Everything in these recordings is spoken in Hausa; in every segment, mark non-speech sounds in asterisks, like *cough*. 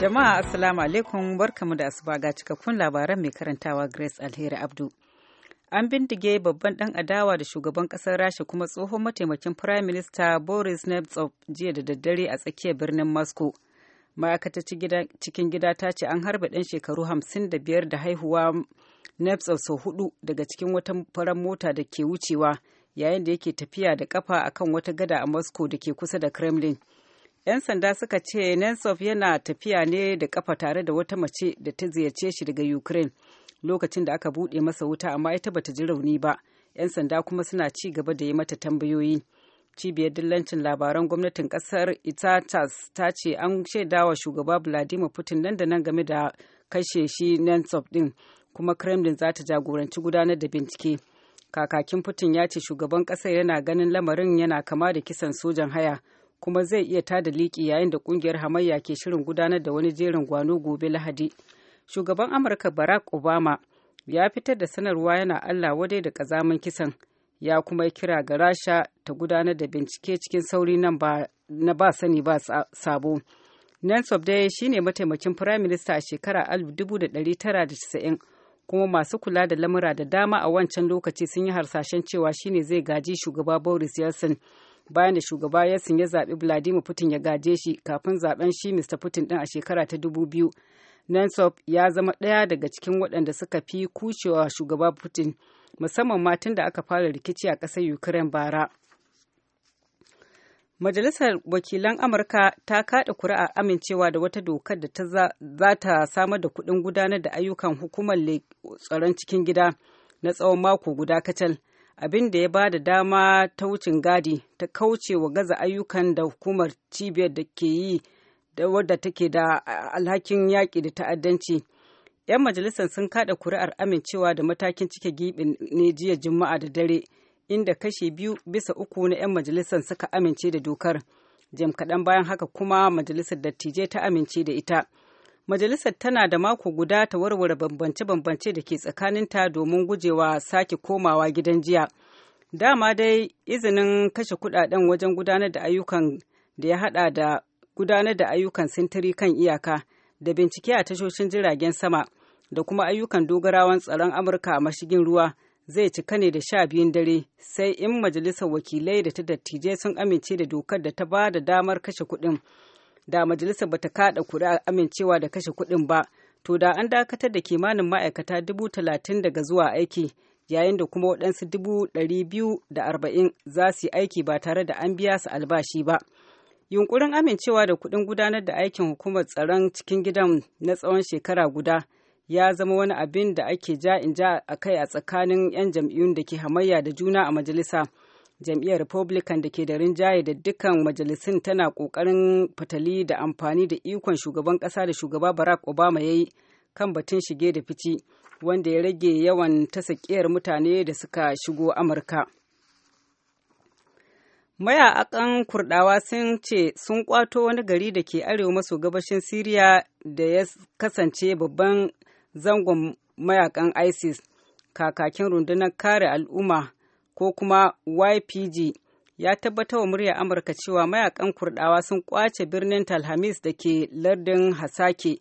Jama'a Assalamu alaikum barkamu da asuba ga cikakkun labaran mai karantawa Grace Alheri Abdu. An bindige babban dan adawa da shugaban kasar Rasha kuma tsohon mataimakin Prime Minister Boris Nemtsov jiya da daddare a tsakiyar birnin Moscow. Ma'aikata cikin gida ta ce an harba ɗan shekaru hamsin da biyar da haihuwa Nemtsov sau hudu daga cikin wata farar mota da ke wucewa yayin da yake tafiya da kafa akan wata gada a Moscow da ke kusa da Kremlin. 'Yan sanda suka ce Nensov yana tafiya ne da kafa tare da wata mace da ta ziyarce shi daga Ukraine lokacin da aka buɗe masa wuta amma ita bata ji rauni ba. 'Yan sanda kuma suna ci gaba da yi mata tambayoyi. Cibiyar dillancin labaran gwamnatin kasar Itatas ta ce an shaidawa shugaba Vladimir Putin nan da nan game da kashe shi Nensov din kuma Kremlin za ta jagoranci gudanar da bincike. Kakakin Putin ya ce shugaban kasar yana ganin lamarin yana kama da kisan sojan haya. kuma zai iya tada liki yayin da ƙungiyar hamayya ke shirin gudanar da wani jerin gwano gobe lahadi shugaban amurka barack obama ya fitar da sanarwa yana allah wadai da ƙazamin kisan ya kuma yi kira ga rasha ta gudanar da bincike cikin sauri nan ba na ba sani ba sabo nelson dai shine mataimakin firaminista a shekara 1990 kuma masu kula da lamura da dama a wancan lokaci sun yi harsashen cewa shine zai gaji shugaba boris yeltsin bayan da shugaba Yeltsin ya zaɓi Vladimir Putin ya gaje shi kafin zaben shi Mr. Putin ɗin a shekara ta 2000. Nensop ya zama ɗaya daga cikin waɗanda suka fi kucewa shugaba Putin musamman ma tun da aka fara rikici a ƙasar Ukraine bara. Majalisar Wakilan Amurka ta kaɗa kuri'a amincewa da wata dokar da ta za ta samar da kuɗin gudanar da ayyukan hukumar tsaron cikin gida na tsawon mako guda kacal. abin da ya ba da dama ta wucin gadi ta kauce wa gaza ayyukan da hukumar cibiyar da ke yi da wadda take da alhakin yaƙi da ta'addanci. 'Yan majalisar sun kaɗa kuri'ar amincewa da matakin cike gibin ne jiya Juma'a da dare, inda kashe biyu bisa uku na 'yan majalisar suka amince da dokar. Jim kaɗan bayan haka kuma majalisar dattijai ta amince da ita. Majalisar tana da mako guda ta warware bambance-bambance da ke tsakaninta domin gujewa sake komawa gidan jiya. Dama dai izinin kashe kudaden wajen gudanar da ayyukan da ya hada da gudanar da ayyukan sintiri kan iyaka da bincike a tashoshin jiragen sama da kuma ayyukan dogarawan tsaron Amurka a mashigin ruwa zai cika ne da sha biyun dare sai in majalisar wakilai da ta dattijai sun amince da dokar da ta ba da damar kashe kudin. da majalisar bata kada a amincewa da kashe kuɗin ba to da an dakatar da kimanin ma'aikata dubu talatin daga zuwa aiki yayin da kuma waɗansu dubu ɗari biyu da arba'in za su yi aiki ba tare da an biya su albashi ba yunkurin amincewa da kuɗin gudanar da aikin hukumar tsaron cikin gidan na tsawon shekara guda ya zama wani abin da ake ja in ja a kai a tsakanin 'yan jam'iyyun da ke hamayya da juna a majalisa jam'iyyar republican da ke da rinjaye da dukkan majalisun tana kokarin fatali da amfani da ikon shugaban kasa da shugaba barack obama ya yi kan batun shige da fici wanda ya rage yawan tasakiyar mutane da suka shigo amurka mayakan kurdawa sun ce sun kwato wani gari da ke arewa maso gabashin siriya da ya kasance babban zangon mayakan isis kakakin rundunar kare al'umma ko kuma YPG ya tabbatar wa murya Amurka cewa mayakan Kurdawa sun kwace birnin Talhamis da ke lardin Hasake.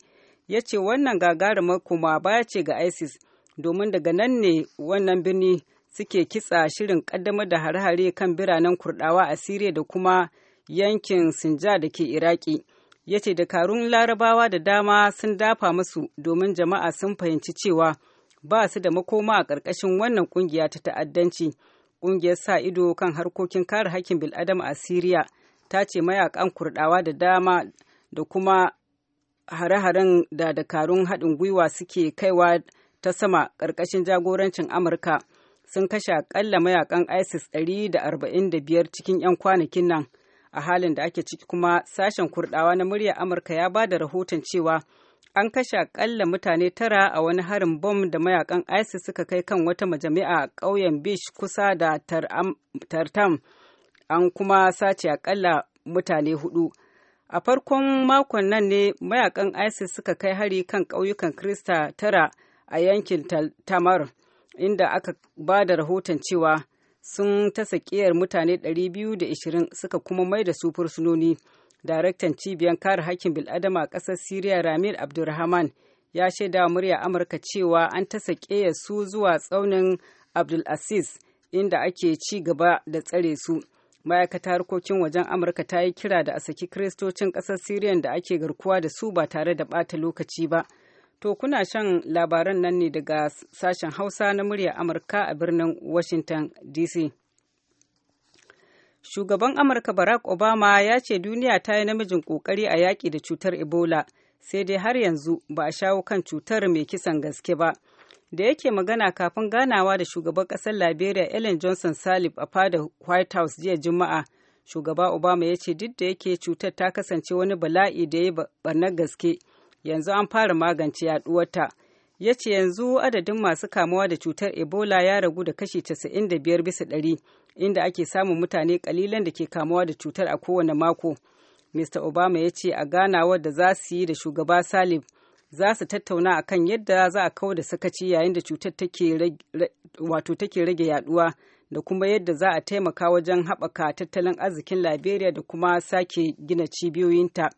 Ya ce wannan gagarumar kuma baya ce ga ISIS domin daga nan ne wannan birni suke kitsa shirin kaddamar da hare-hare kan biranen Kurdawa a Siriya da kuma yankin Sinja da ke Iraki. Ya ce dakarun larabawa da dama sun dafa musu domin jama'a sun fahimci cewa ba su da makoma a ƙarƙashin wannan ƙungiya ta ta'addanci. ƙungiyar sa ido kan harkokin kare hakkin bil'adama a Siriya ta ce mayakan kurdawa da dama da kuma hare-haren da dakarun haɗin gwiwa suke kaiwa ta sama ƙarƙashin jagorancin Amurka sun kashe aƙalla mayakan ISIS 145 cikin 'yan kwanakin nan. A halin da ake ciki kuma sashen kurdawa na murya Amurka ya ba da rahoton cewa an kashe akalla mutane tara a wani harin bom da mayakan isis suka kai kan wata majami'a a ƙauyen bish kusa da tartam an kuma sace akalla mutane hudu a farkon makon nan ne mayakan isis suka kai hari kan ƙauyukan krista tara a yankin tamar inda aka ba da rahoton cewa sun ta sakiyar mutane 220 suka kuma mai da su fursunoni. daraktan cibiyar kare hakkin bil'adama a ƙasar siriya ramil abdulrahman ya shaida murya amurka cewa an tasa sake su zuwa tsaunin Abdul abdulaziz inda ake ci gaba da tsare su ma'aikata harkokin wajen amurka ta yi kira da a saki kiristocin ƙasar siriya da ake garkuwa da su ba tare da ɓata lokaci ba to kuna shan labaran nan ne daga sashen hausa na murya amurka a birnin washington dc Shugaban Amurka Barack Obama ya ce duniya ta yi namijin ƙoƙari a yaƙi da cutar Ebola, sai dai har yanzu ba a shawo kan cutar mai kisan gaske ba. Da yake magana kafin ganawa da shugaban ƙasar Liberia Ellen Johnson Salif a fadar White House jiya Juma'a, shugaba Obama ya ce duk da yake cutar ta kasance wani bala'i da ya barnar gaske, yanzu an fara magance yaɗuwarta. ya ce yanzu adadin masu kamuwa da cutar ebola ya ragu da kashi 95 bisa ɗari inda ake samun mutane kalilan da ke kamuwa da cutar a kowane mako. Mr. Obama ya ce a ganawar da za su yi da shugaba Salib za su tattauna kan yadda za a kawo da sakaci yayin da cutar take rage yaduwa da kuma yadda za a taimaka wajen haɓaka tattalin arzikin Liberia da kuma sake gina cibiyoyinta.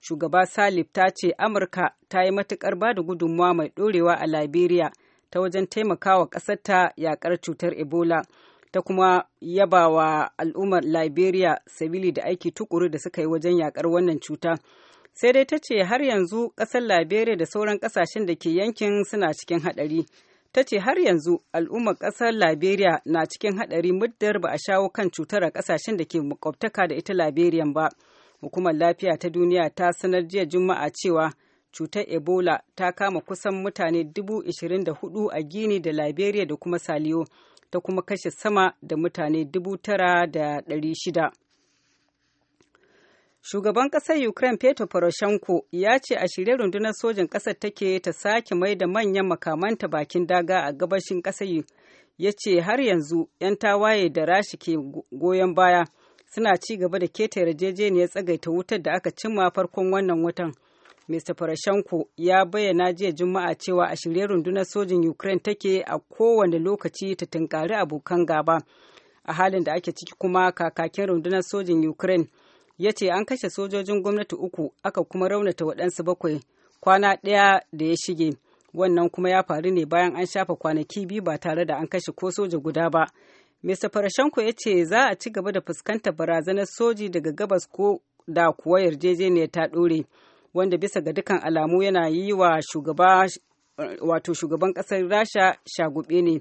Shugaba Salib ta ce Amurka ta yi matuƙar ba da gudunmawa mai ɗorewa a Liberia ta wajen taimakawa ƙasarta yaƙar cutar Ebola. ta kuma yaba wa al'ummar liberia sabili da aiki tukuru da suka yi wajen yakar wannan cuta sai dai ta ce har yanzu ƙasar liberia da sauran ƙasashen da ke yankin suna cikin haɗari ta ce har yanzu al'ummar ƙasar liberia na cikin haɗari muddar ba a shawo kan cutar a ƙasashen da ke makwabtaka da ita liberia ba hukumar lafiya ta duniya ta sanar jiya juma'a cewa cutar ebola ta kama kusan mutane da hudu a gini da liberia da kuma saliyo ta kuma kashe sama da mutane dubu tara da ɗari shida. Shugaban ƙasar Ukraine Petro Poroshenko ya ce a shirye rundunar sojin ƙasar take ta sake mai da manyan makamanta bakin daga a gabashin ƙasar ya ce har yanzu 'yan tawaye da rashi ke goyon baya suna ci gaba da keta yarjejeniyar tsagaita wutar da aka cimma farkon wannan watan. Mr. Poroshenko ya bayyana jiya Juma'a cewa a shirye rundunar sojin Ukraine take a kowane lokaci ta tunkari abokan gaba. A halin da ake ciki kuma kakakin rundunar sojin Ukraine ya ce an kashe sojojin gwamnati uku aka kuma raunata waɗansu bakwai kwana ɗaya da ya shige. Wannan kuma ya faru ne bayan an shafa kwanaki biyu ba tare da an kashe ko soja guda ba. Mr. Poroshenko ya ce za a ci gaba da fuskantar barazanar soji daga gabas ko da kuwa yarjejeniyar ta ɗore. wanda bisa ga dukan alamu yana yi wa shugaba wato shugaban kasar rasha shagube ne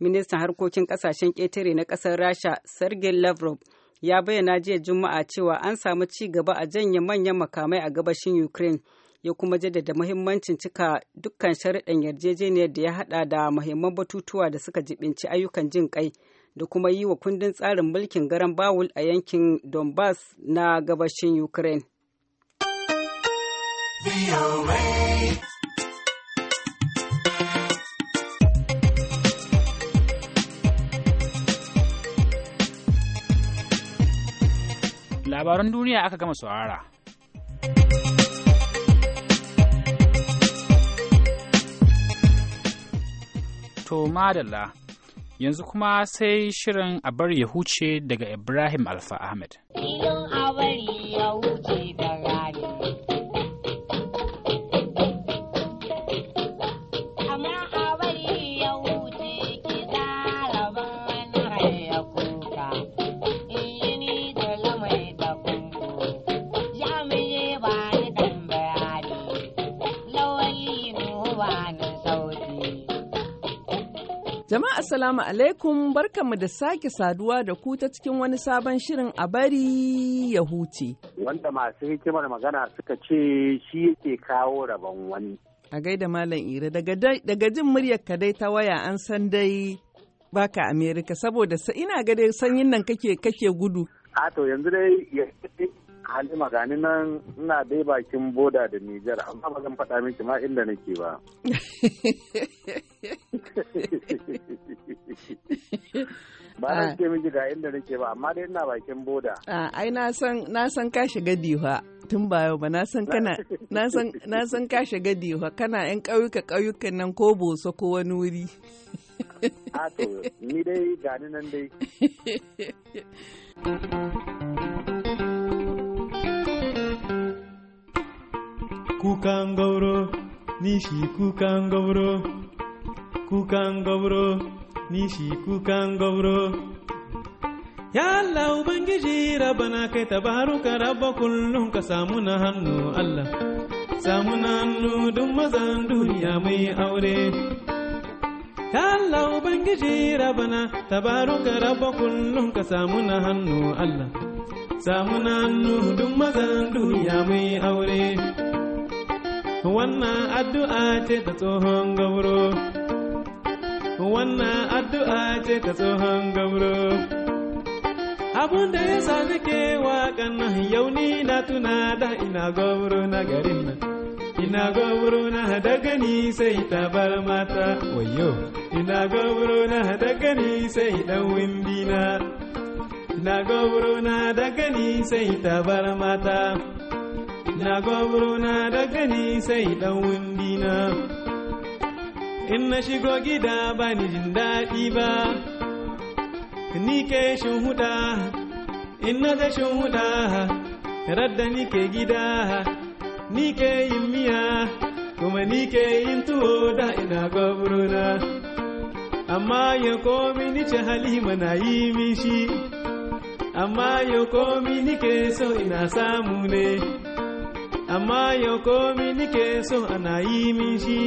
ministan harkokin kasashen ƙetare na kasar rasha sergei lavrov ya bayyana jiya juma'a cewa an samu ci gaba a janye manyan makamai a gabashin ukraine ya kuma jaddada muhimmancin cika dukkan sharaɗin yarjejeniyar da ya haɗa da muhimman batutuwa da suka jibinci ayyukan jin kai da kuma yi wa kundin tsarin mulkin garan bawul a yankin donbass na gabashin ukraine Labaran duniya aka gama saurara. To madalla, yanzu kuma sai shirin a bari ya huce daga Ibrahim Alfa Ahmed. Iyon a bari ya huce Jama'a Assalamu alaikum barkanmu da sake saduwa da ku ta cikin wani sabon shirin a bari ya huce. Wanda masu hikimar magana suka ce shi yake kawo rabon wani. A gaida Malam Ira daga jin muryar ka dai ta waya an san dai baka Amerika saboda ina ga dai sanyin nan kake kake gudu. A to yanzu dai Halima gani nan ina dai bakin boda da Nijar amma ba zan faɗa miki ma inda nake ba. *laughs* Ba na ah. ce miki ga inda nake ba amma dai ina bakin boda. Ah, ai na san ka shiga diwa tun ba yau ba na san kana na san ka shiga diwa kana yan ƙauyuka ƙauyukan nan ko boso ko wani wuri. Ato *laughs* ah, ni dai gani nan dai. *laughs* kukan gauro nishi kukan gauro kukan gauro nishi kukan gauro ya Allah ubangiji rabana kai tabaruka rabba kullum ka samu na hannu Allah samu na hannu duk mazan duniya mai aure ya Allah ubangiji rabana tabaruka rabba kullum ka samu na hannu Allah samu na hannu duk mazan duniya mai aure Wannan addu'a ce ta tsohon gauro. Wannan addu'a ce ta tsohon gauro. abun da ya sa nake waƙan nan yau ni na tuna da ina gauro na garin nan ina gauro na daga ni sai ta bar mata wayo ina gauro na daga ni sai dan windina ina gauro na daga gani sai bar mata na gwamrona da gani sai ɗan windina in na shigo gida ba ni jin daɗi ba ni ke shuhuda in na da shuhuda radda ni ke gida ni ke yin miya kuma ni ke yin tuwo da ina gwamrona amma ya komi ni ce halima na yi mishi amma ya komi ni ke so ina samu ne amma yau komi nike so ana yi min shi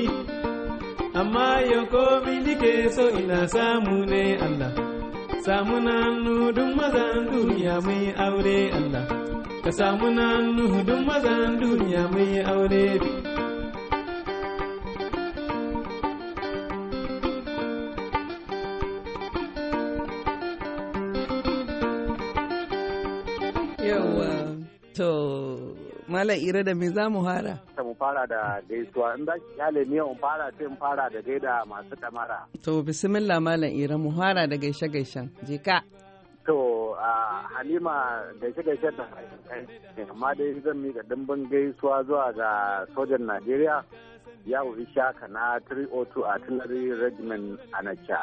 amma yau komi nike so ina samu ne Allah samu nanu duk mazan duniya mai aure Allah ka samu nanu duk mazan duniya mai aure Malam Ira da me za mu fara? Ta mu fara da gaisuwa in za ki kyale ni mu fara sai mu fara da gaida masu damara. To bismillah Malam Ira mu fara da gaishe gaishen. Je ka. To Halima gaishe gaishe da amma dai zan miƙa dimbin gaisuwa zuwa ga sojan Najeriya. wuri shaka na 302 Artillery Regiment Anacha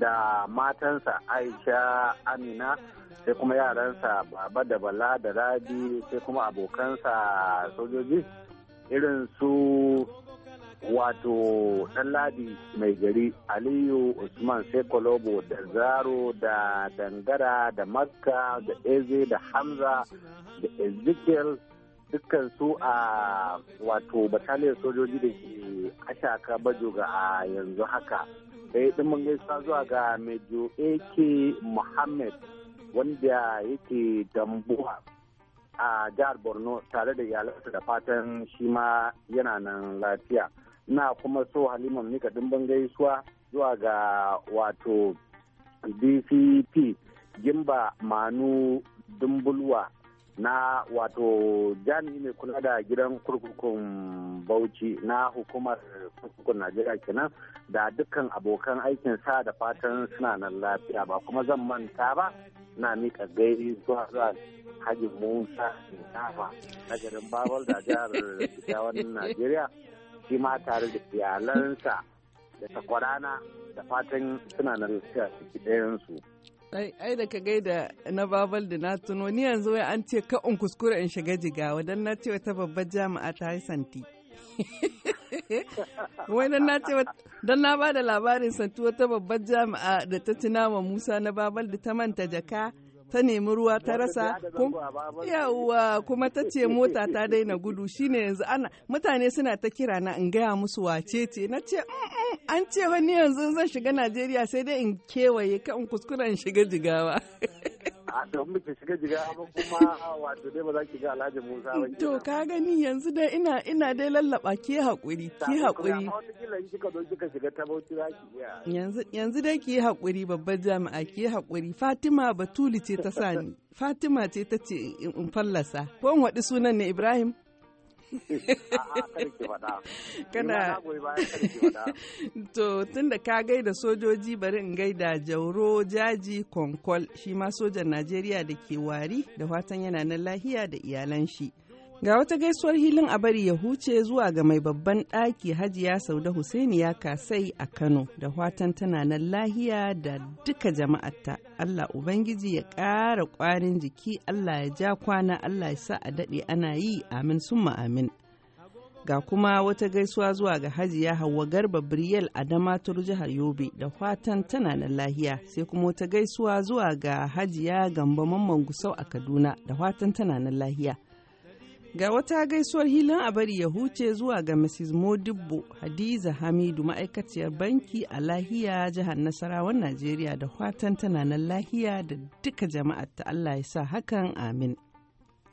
da matansa Aisha Amina sai kuma yaransa baba da bala da rabi sai kuma abokansa sojoji irin su wato ladi mai gari aliyu usman sai kolobo da zaro da dangara da makka da eze da hamza da ezekiel dukkan su a wato bataliyar sojoji da ke ashaka ga a yanzu haka sai ɗin gaisuwa zuwa ga mejo ak muhammad wanda yake dambuwa a jihar borno tare da iyalinsa da fatan shi ma yana nan lafiya na kuma so halima mika dimbin gaisuwa zuwa ga wato dcp gimba manu dumbulwa na wato jami'i mai kula da gidan kurkukun bauchi na hukumar kurkukun najeriya kenan da dukkan abokan aikin sa da fatan suna nan lafiya ba kuma zan manta ba na mika gairi zuwa zuwa hajji musa shinkafa na garin babal da jihar jawar najeriya shi ma tare da iyalansa da takwarana da fatan suna na lafiya ciki ɗayansu. ai da ka gaida na babal da na tuno ni yanzu wai an ce ka kuskure in shiga jigawa don na ce wata babbar jami'a ta yi santi *laughs* Wai na ce don na ba da labarin santu wata babbar jami'a da ta ci Musa na Babal da ta manta jaka ta nemi ruwa ta rasa yawa kuma ta ce mota ta daina gudu shine yanzu ana mutane suna ta kira na in gaya musu wace ce na ce an ce wani yanzu zan shiga Najeriya sai dai in kewaye kan kuskuren shiga jigawa. *laughs* don Alhaji Musa to ka gani yanzu dai ina dai lallaba ki hakuri ki hakuri yanzu dai ki hakuri babbar jami'a ki hakuri Fatima Batuli ce ta sani Fatima ce ta in fallasa ko in waɗi sunan ne Ibrahim kana *laughs* to tunda ka gaida sojoji bari in gaida jauro jaji konkol shi ma sojan najeriya da ke wari da fatan yana nan lahiya da iyalan shi Ga wata gaisuwar hilin a bari ya huce zuwa ga mai babban ɗaki Hajiya Sauda ya Kasai a Kano da watan tana na lahiya da duka jama'arta. Allah Ubangiji ya ƙara ƙwarin jiki, Allah ya ja kwana, Allah ya sa a daɗe ana yi amin summa amin. Ga kuma wata gaisuwa zuwa ga Hajiya Hauwa Garba biriyel a damaturu jihar Yobe da watan tana na lahiya, sai kuma wata gaisuwa zuwa ga Hajiya gambo Mamman Gusau a Kaduna da watan tana na lahiya. Ga wata gaisuwar hilin a bari ya huce zuwa ga Mrs. Modibbo Hadiza Hamidu ma'aikaciyar banki a lahiya jihar Nasarawan Najeriya da fatan tana nan lahiya da duka jama'ar ta Allah ya sa hakan amin.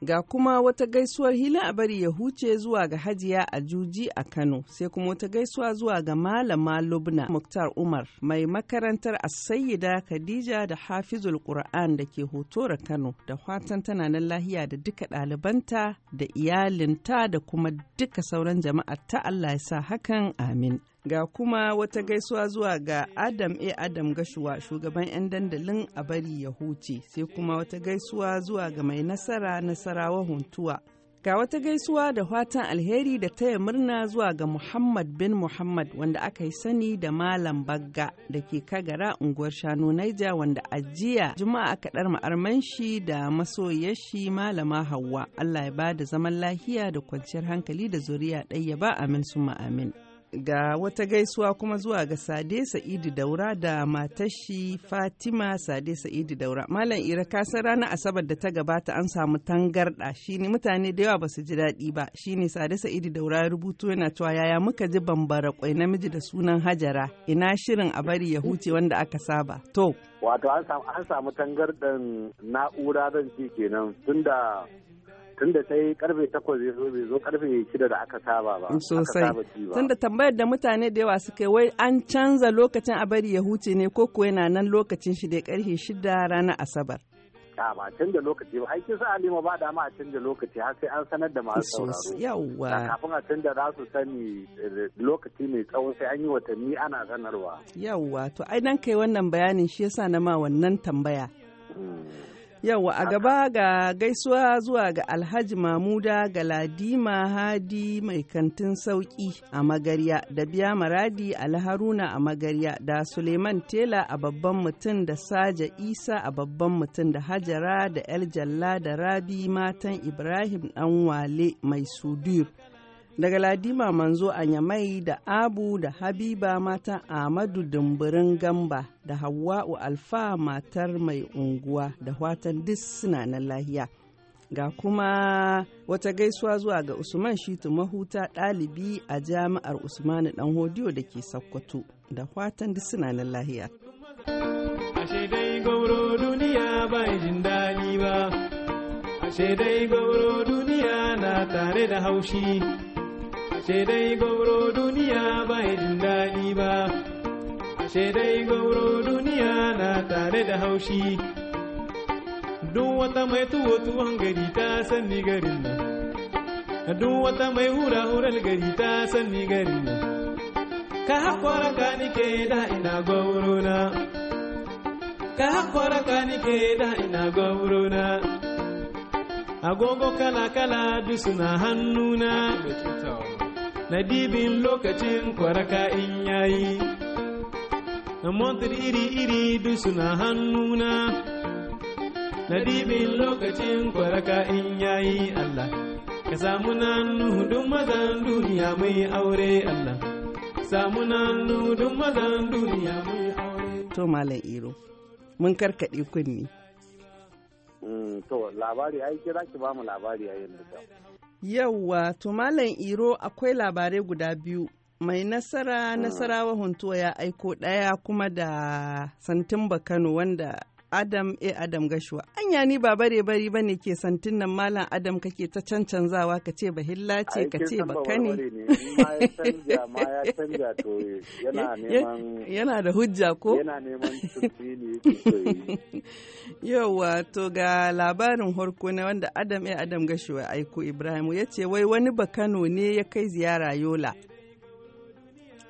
Ga kuma wata gaisuwar hila a bari ya huce zuwa ga Hajiya a Juji a Kano, sai kuma wata gaisuwa zuwa ga Malama Lubna Muktar Umar mai makarantar Asayida Khadija da Hafizul Qur'an da ke Hotora Kano da fatan tana nan lahiya da duka ɗalibanta da iyalinta da kuma duka sauran jama'a ta Allah ya sa hakan amin. Ga kuma wata gaisuwa zuwa ga Adam A. Adam Gashuwa shugaban 'yan dandalin a bari ya huce sai kuma wata gaisuwa zuwa ga mai nasara nasarawa huntuwa. Ga wata gaisuwa da fatan alheri da taya murna zuwa ga Muhammad bin Muhammad wanda aka yi sani da Malam Bagga da ke kagara unguwar Shanu Naija wanda ajiya Juma'a aka ɗar ma'arman shi da masoyar shi Malama Hauwa. Allah ya ba da zaman lahiya da kwanciyar hankali da zuriya ɗaya ba amin suma amin. ga wata gaisuwa kuma zuwa ga Sade Sa'idu Daura da matashi Fatima Sade Sa'idu Daura. Malam Ira kasan ranar Asabar da ta gabata an samu tangarɗa shine mutane da yawa ba su ji daɗi ba shine Sade Sa'idu Daura ya rubutu yana cewa yaya muka ji bambara kwai namiji da sunan Hajara ina shirin a bari ya huce wanda aka saba. To. Wato an samu tangarɗan na'ura zan ce kenan tunda tunda sai karfe takwas ya zo bai zo karfe shida da aka saba ba sosai tunda tambayar da mutane da yawa suka wai an canza lokacin a bari ya huce ne ko kuwa yana nan lokacin shi da karfe shida ranar asabar a ba canza lokaci ba aikin sa alima ba dama a canza lokaci har sai an sanar da masu sauraro yawa kafin a canza za su sani eh, lokaci mai tsawo sai an yi watanni ana sanarwa Yawwa to ai dan kai wannan bayanin shi yasa na ma wannan tambaya hmm. Yau a gaba ga gaisuwa zuwa ga Alhaji Mamuda ladima Hadi mai kantin sauki a Magarya da Biya Maradi Alharuna a Magarya da Suleiman Tela a babban mutum da Saja Isa a babban mutum da Hajara da El Jalla da Rabi matan Ibrahim wale mai Sudur. daga Ladima Manzo Anyamai da Abu da Habiba mata Amadu Dumburin Gamba da hawa'u Alfa matar mai unguwa da watan duk suna na lahiya. Ga kuma wata gaisuwa zuwa ga Usman Shitu Mahuta ɗalibi a jami'ar Usmanu ɗan Hodiyo da ke Sakkwato da watan duk suna na lahiya. ba jin ba, dai gauro duniya na tare da haushi. ashe dai gauro duniya bai jin daɗi ba ashe dai gauro duniya na tare da haushi duk wata mai tuwo tuwon gari ta sanni garin nan duk wata mai hura hurar gari ta sanni garin nan ka haƙwara ka nike da ina gauro na ka haƙwara ka nike da ina gauro na agogo kala-kala duk suna hannuna na dibin lokacin kwaraka in yayi motar iri-iri duk suna hannuna na dibin lokacin kwaraka in yayi Allah ka samu nanu duk mazan duniya mai aure Allah samu nanu duk mazan duniya mai aure to malam iro mun karkade kunni mm, to labari ai kira ki ba mu labari a yanzu Yauwa, to Malam Iro akwai labarai guda biyu. Mai nasara ah. nasarawa huntuwa ya aiko ɗaya kuma da Santimba Kano wanda Adam A. E, Adam Gashuwa. Anya ni ba bare bari ba ne ke santin nan Malam Adam kake ta cancanzawa ka ce ba hilla ce ka ce ba ka ne. *laughs* Yana da hujja ko? Yana neman ne Yawa *laughs* to ga labarin horko na wanda Adam A. E, Adam Gashuwa aiko Ibrahim ya ce wai wani bakano ne ya kai ziyara Yola.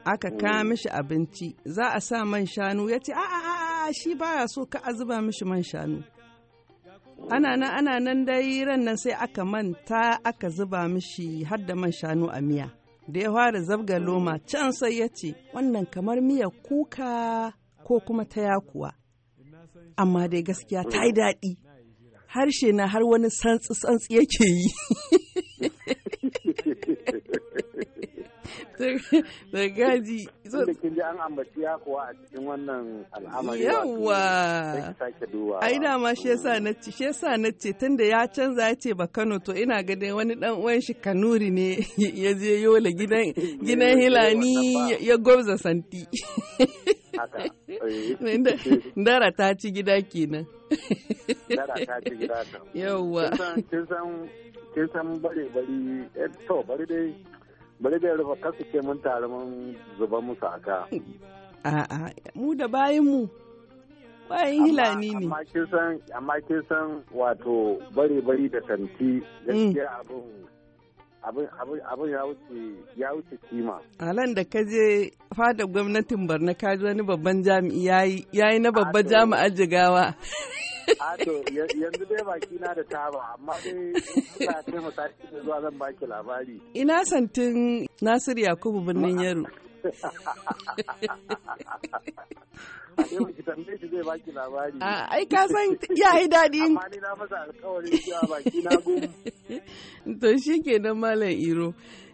aka kama mm. mishi abinci za a sa man shanu ya ce a'a a'a shi baya so ka azuba mishi man shanu ana nan ana nan dai ran nan sai aka manta aka zuba mishi har da man shanu a miya da ya fara zabga loma can sai ya ce wannan kamar miya kuka ko kuma ta yakuwa amma dai gaskiya ta yi daɗi harshe na har wani santsi-santsi yake yi *laughs* da gaji da kin ji an ambaci ya kuwa a cikin wannan al'amari yawa ai dama shi yasa na ce shi yasa na ce tunda ya canza ya ce ba Kano to ina ga dai wani dan uwan shi Kanuri ne *laughs* ya je yola gidan *laughs* gidan Hilani ya gobza santi *laughs* eh. Dara ta ci gida kenan. Dara ta ci gida Yawwa. Kin san bare bari eh, to bari dai bari da rufa kasu ke mun tare mun zuba musu aka a'a mu da bayan mu bayan hilani ne amma kin san amma kin san wato bare bari da tanti mm. gaskiya abin abin abin abin ya wuce ya wuce kima Alan da ka je fadar gwamnatin barna ka ji wani babban jami'i yayi yayi na babban jami'ar jigawa *laughs* Ah, yanzu dai baki na da taba amma dai ta taimaka zuwa zan baki labari. Ina santin Nasir Yakubu birnin Yaro. *laughs* Ah, ai ka san ya yi daɗi. Amma ni na masa alkawarin zuwa baki na gum. *laughs* To shi ke nan Malam Iro.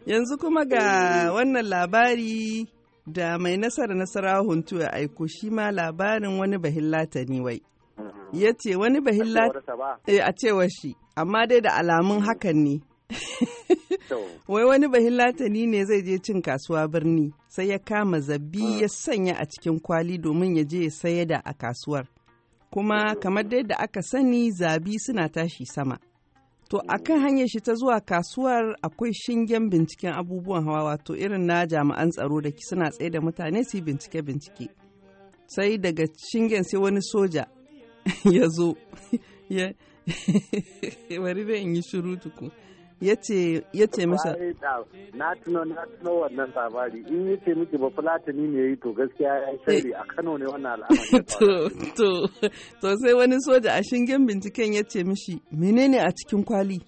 Yanzu kuma ga wannan labari da mai nasara nasara huntu ya aiko shi ma labarin wani bahillata ne wai. Mm-hmm. ya ce wani bahilla eh, a cewar shi amma dai da alamun mm-hmm. hakan ne *laughs* wai wani bahilatani ne zai je cin kasuwa birni sai ya kama zabi mm. ya sanya a cikin kwali domin ya je ya saye da a kasuwar kuma mm-hmm. kamar dai da aka sani zabi suna tashi sama to akan hanyar shi ta zuwa kasuwar akwai shingen binciken abubuwan hawa wato irin na jami'an tsaro da suna tsaye da mutane su yi bincike bincike sai daga shingen sai wani soja *laughs* ya zo ya *laughs* bari da in yi shiru tuku ya ce masa na tuno na tuno wannan labari in ya ce miki ba fulatani ne yi to gaskiya ya shari a kano ne wannan al'amari *laughs* to sai wani soja a shingen binciken ya ce mishi menene a cikin kwali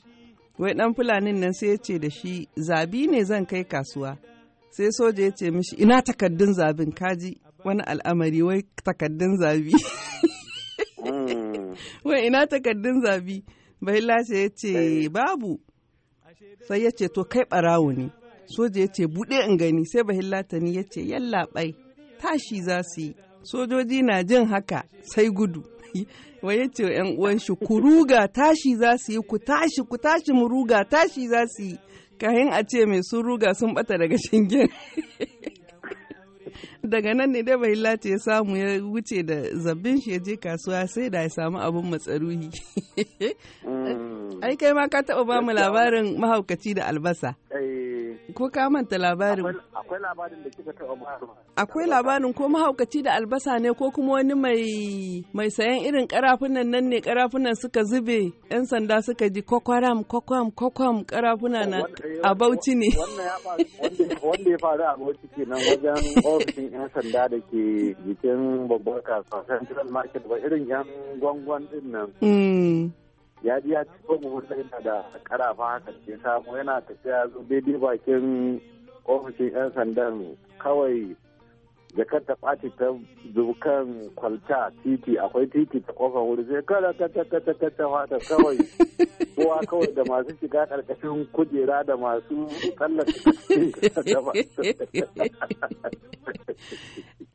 wai dan fulanin nan sai ya ce da shi zabi ne zan kai kasuwa sai soja ya ce mishi ina takaddun zabin kaji wani al'amari wai takaddun zabi wai ina takardun zabi bahilla ya ce babu sai ya ce to kai barawo ne soja ya ce buɗe in gani sai Lata ni ya ce yalla bai tashi za su yi sojoji na jin haka sai gudu *laughs* wai ya ce yan uwan shi ku ruga tashi za su yi ku tashi ku tashi mu ruga tashi za su yi kayan a ce mai sun ruga sun bata daga shingen *laughs* daga nan ne dai bai lati ya samu ya wuce da zabbin shi ya je kasuwa sai da ya samu abin matsaruhi mm. ai kai ma ka taba ba mu labarin mahaukaci da albasa eh. ko ka manta labarin akwai labarin da kika taba akwai labarin ko mahaukaci da albasa ne ko kuma wani mai mai sayan irin karafunan nan ne karafunan suka zube yan sanda suka ji kwakwaram kwakwam kwakwam karafuna na a bauchi ne wanda ya faru a bauchi kenan wajen ofishin 'yan sanda da ke jikin babbar kasuwa central market ba irin 'yan gwangwan din nan mm. ya ji ya ci buhu da karafa haka ke samu yana tafiya zo daidai bakin ofishin 'yan sandan kawai jakar ta ɓaci ta zukan kwalta titi akwai titi ta kofa wuri sai kada ta ta ta ta ta ta fata kawai kowa kawai da masu shiga ƙarƙashin kujera da masu *laughs*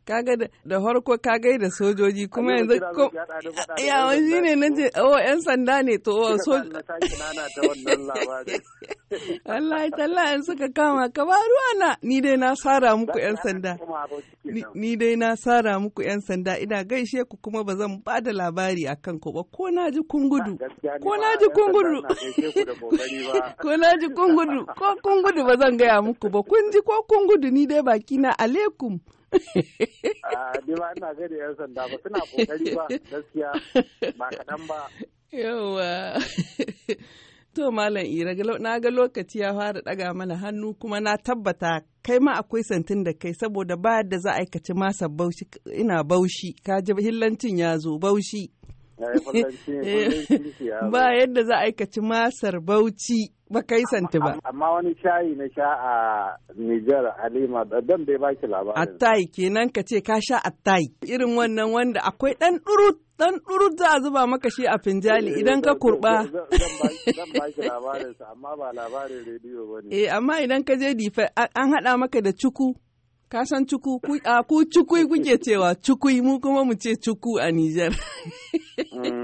kaga da farko ka gai da sojoji kuma yanzu ya wani ne na je o yan sanda ne to o sojoji *laughs* wallahi talla in suka kama ka ba ruwa na ni dai na sara muku yan sanda Ni dai na sara muku 'yan sanda ina gaishe ku kuma ba zan ba da labari a kan ku ba ko na ji kun gudu ko na ji kun gudu *laughs* ko na ji kun gudu ko kun gudu ba zan gaya muku ba kun ji ko kun gudu ni dai baki na alaikum. *laughs* Ah, ni ba ina gaida 'yan sanda ba suna kokari ba gaskiya ba kaɗan ba. *laughs* Yawa. To Malam Ira, na ga lokaci ya fara ɗaga mana hannu kuma na tabbata kai ma akwai santin da kai saboda ba da za a aikaci masa baushi ina baushi ka ji hillancin ya zo baushi. *laughs* Eh, ba yadda za aikaci masar bauchi ba yi santi ba. Amma wani shayi na sha a Nijar Halima dan bai shi labarin. Attai kenan ka ce ka sha attai irin wannan wanda akwai ɗan ɗurut dan ɗurut za a zuba maka shi a finjali eh, idan ka kurba. Zan amma ba labarin rediyo ba eh, amma idan ka je difa an haɗa maka da cuku. ka san cuku ku cukui kuke cewa cukui mu kuma mu ce cuku a Nijar. Mm.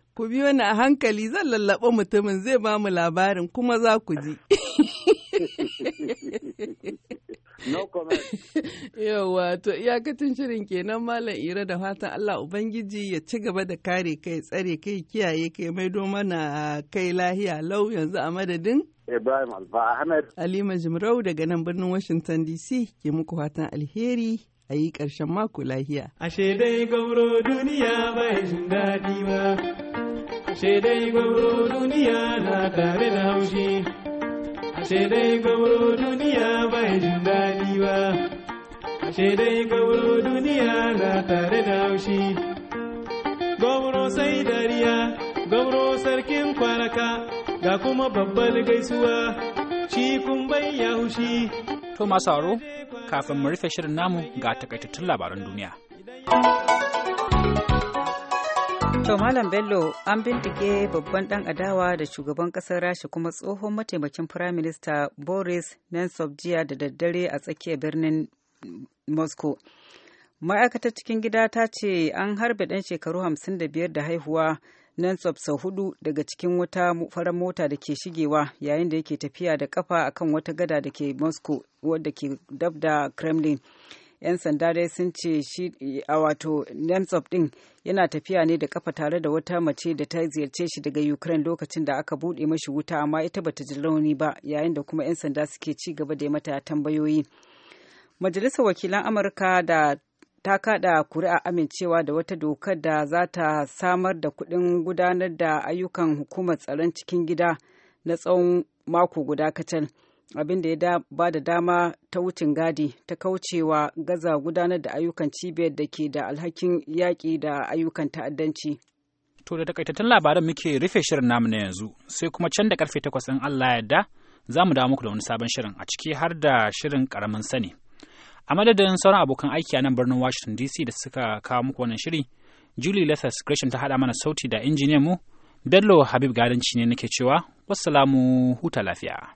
Ku biyo ni a hankali zan lallaɓa mutumin zai ba mu labarin kuma za ku ji. No *laughs* to iyakacin shirin kenan Malam Ira da fatan Allah Ubangiji ya ci gaba da kare kai tsare kai kiyaye kai maido mana kai lahiya lau yanzu a madadin. Ibrahim Ahmed. Halima Jimrau daga nan birnin Washington DC ke muku fatan alheri a yi ƙarshen mako lahiya. Ashe dai gauro duniya bai jin daɗi ba. ashe dai duniya na tare da haushi ashe dai duniya bai jin daɗi ba ashe dai duniya na tare da haushi gwamro sai dariya gwamro sarkin kwaraka ga kuma babbar gaisuwa shi kun bai ya haushi to masu kafin mu rufe shirin namu ga takaitattun labaran duniya. To Malam Bello an bindige babban dan adawa da shugaban kasar Rasha kuma tsohon mataimakin firaminista Boris Nemtsov jiya da daddare a tsakiyar birnin Moscow. Ma'aikatar cikin gida ta ce an harbe dan shekaru 55 da haihuwa Nemtsov sau hudu daga cikin wata farar mota da ke shigewa yayin da yake tafiya da kafa akan wata gada da ke Moscow wadda ke dab da Kremlin. 'yan sanda dai sun ce shi a wato nemtsov din yana tafiya ne da kafa tare da wata mace da ta ziyarce shi daga ukraine lokacin da aka buɗe mashi wuta amma ita bata ji launi ba yayin da kuma 'yan sanda suke ci gaba da mata tambayoyi majalisar wakilan amurka da ta kada kuri'a amincewa da wata dokar da za ta samar da kuɗin gudanar da ayyukan hukumar tsaron cikin gida na tsawon mako guda kacal. abin da ya ba da dama ta wucin gadi ta kaucewa gaza gudanar da ayyukan cibiyar da ke da alhakin yaƙi da ayyukan ta'addanci. To da takaitattun labaran muke rufe shirin namu na yanzu sai kuma can da karfe takwas in Allah yarda za mu dawo muku da wani sabon shirin a ciki har da shirin karamin sani. A madadin sauran abokan aiki a nan birnin Washington DC da suka kawo muku wannan shiri, Julie lessers Gresham ta haɗa mana sauti da injiniyan mu, Bello Habib Gadanci ne nake cewa, wassalamu huta lafiya.